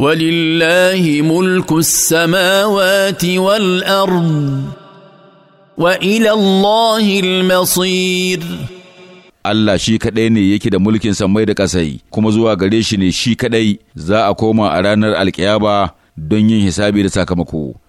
ولله ملك السماوات والارض wa الله المصير Allah shi kaɗai ne yake da mulkin sammai da ƙasai, kuma zuwa gare shi ne shi kaɗai za a koma a ranar alƙiyaba don yin hisabi da sakamako.